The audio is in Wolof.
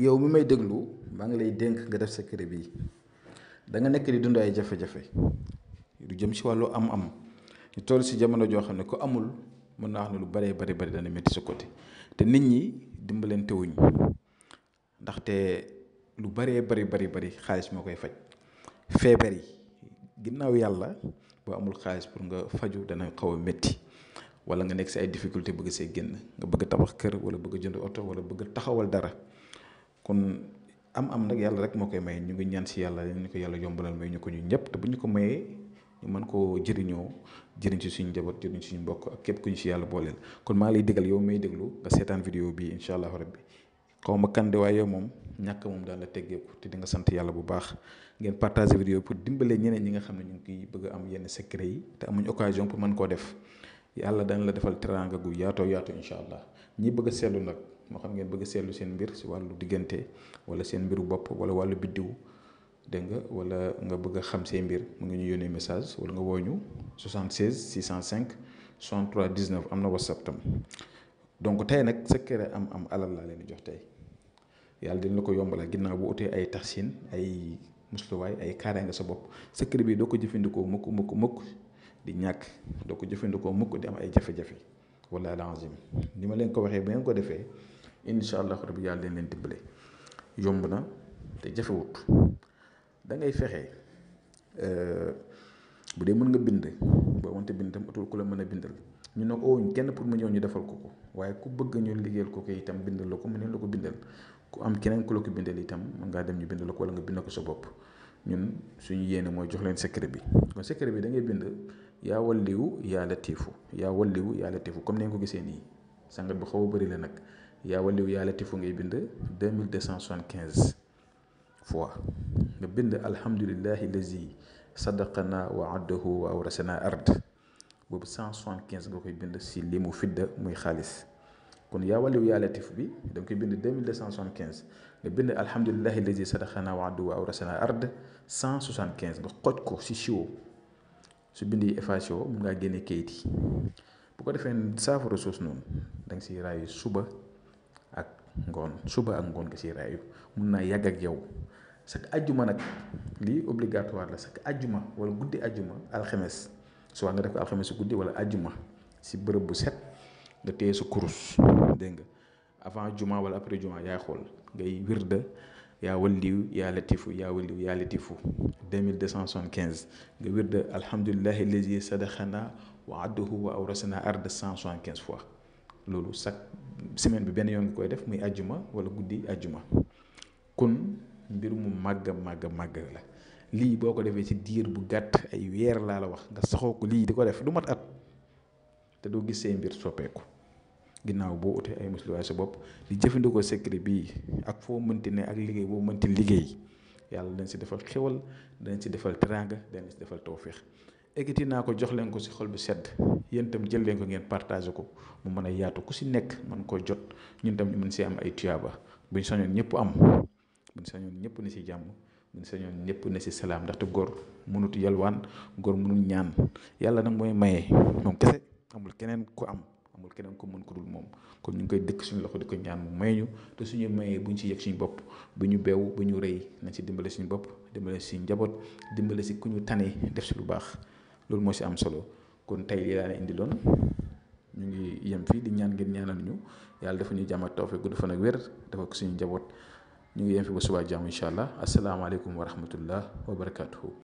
yow mi may deglu ma ngi lay denk nga def sa kër bi da nga nek di dund ay jafé jafé du jëm ci walu am-am ni tol si jamono jo xam ko amul mën naa wax lu bari bari bari dana metti sa côté té nit ñi dimbalenté wuñ té lu bari bari bari bari xaalis mo koy fajj feebar yi ginnaaw yàlla amul xaalis pour nga faju dana xaw metti wala nga nek ci ay difficulté bëgg sé génn nga bëgg tabax kër wala bëgg jënd oto wala bëgg taxawal dara kon am am nak yalla rek mokay may ñu ngi ñaan ci yalla ñu ko yalla yombalal may ñu ko ñu ñep te buñ ko maye ñu man ko jëriño jëriñ ci suñu jabot jëriñ ci suñu bokk ak kep kuñ ci yalla bolel kon ma lay diggal yow may deglu ba sétane vidéo bi inshallah rabbi ko ma kan de waaye yow moom ñàkk moom daal la ko te di nga sant yalla bu baax ngeen partager vidéo pour dimbalé ñeneen ñi nga xamné ñu ngi bëgg am yenn secret yi te amuñ occasion pour man ko def yalla dañ la defal teranga gu yaato yaato inshallah ñi bëgg a nak moo xam ngeen bëgg a seetlu seen mbir si wàllu diggante wala seen mbiru bopp wala wàllu biddiw dégg nga wala nga bëgg a xam say mbir mu ngi ñu yónnee message wala nga woo ñu 76 605 63 19 am na whatsapp tam donc tey nag sa secret am am alal laa leen di jox tey yàlla dina la ko yombalal ginnaaw bu utee ay taxsin ay musluwaay ay nga sa bopp secret bi doo ko jëfandikoo mukk mukk mukk di ñàkk doo ko jëfandikoo mukk di am ay jafe wala alazim ni ma leen ko waxee bu ngeen ko defee incha allahu rabi yàlla leen leen dimbale yomb na te jafewut da ngay fexe euh, bu dee mën nga bind boo mënte bind tam utul ku la mën a bindal ñu ne oowuñ oh, kenn pour mu ñëw ñu defal ko ko waaye ku bëgg ñu liggéeyal ko ko itam bindal la ko mu ne la ko bindal ku am keneen ku la ko bindal itam mën ngaa dem ñu bind la ko wala nga bind ko sa bopp ñun suñu yéene mooy jox leen secret bi kon secret bi da ngay bind yaa walliwu yaa latiifu yaa walliwu yaa latiifu comme ni nga ko gisee nii sangat bi xaw a bëri la nag yaa waliw yaa latifu ngay bind 2275 fois nga bind alhamdulillahi lazi sadaqana wa addahu wa awrasana ard boobu 175 nga koy bind si li mu fidda muy xaalis kon yaa waliw yaa latif bi da nga koy bind 2275 nga bind alhamdulillahi lazi sadaqana wa addahu wa awrasana ard 175 nga xoj ko si siwo su bind yi effacé woo mun ngaa génne kayit yi bu ko defee saafara soos noonu da nga siy raayu suba ngoon suba ak ngoon nga si raayu mun naa yàgg ak yow chaque ajjuma nag lii obligatoire la chaque ajjuma wala guddi ajjuma alxemes soit nga def ko alxemes guddi wala ajjuma si bërëb bu set nga téye sa kurus dégg nga avant juma wala après juma yaay xool ngay wirda yaa walliw yaa latifu yaa walliw yaa latifu 2275 nga wirda alhamdulilahi lazi sadaxana wa adduhu wa awrasana arda 175 fois loolu chaque semaine bi benn yoon nga koy def muy àjjuma wala guddi àjjuma kon mbir mu màgg màgg màgg la lii boo ko defee ci diir bu gàtt ay weer laa la wax nga saxoo ko lii di ko def du mat at te doo gisee mbir soppeeku ginnaaw boo utee ay musliwaay sa bopp di jëfandikoo secret bii ak foo mënti ne ak liggéey boo mënti liggéey yàlla dañ si defal xéwal dañ si defal teraanga dañ si defal tawféex ekiti na ko jox len ko ci xol bu sedd yeen tam jël len ko ngeen partager ko mu meuna yaatu ku ci nek man ko jot ñun tam ñu mën ci am ay tuyaaba buñ sañoon ñepp am buñ sañoon ñëpp ne si jàmm buñ ñepp ni ci salam ndax ndaxte gor mënut yalwaan gor mënu ñaan yalla nak moy maye mom kesse amul keneen ku am amul keneen ko mën ko dul mom kon ñu ngi koy dëkk suñu loxo diko ñaan mu mayñu te suñu mayee buñ ci yek suñu bop bu ñu beew bu ñu rëy nañ si dimbale suñu bop dimbalé suñu njaboot dimbalé ci ku ñu tane def ci lu baax loolu moo si am solo kon tey lii daal indi loon ñu ngi yem fii di ñaan ngeen ñaanal ñu yàlla dafa ñuy jàmm ak tawfeex gudd fan ak wér dafa ko suñu njaboot ñu ngi yem fi ba subaa jàmm incha allah asalaamaaleykum wa rahmatullah wa barakaatuhu.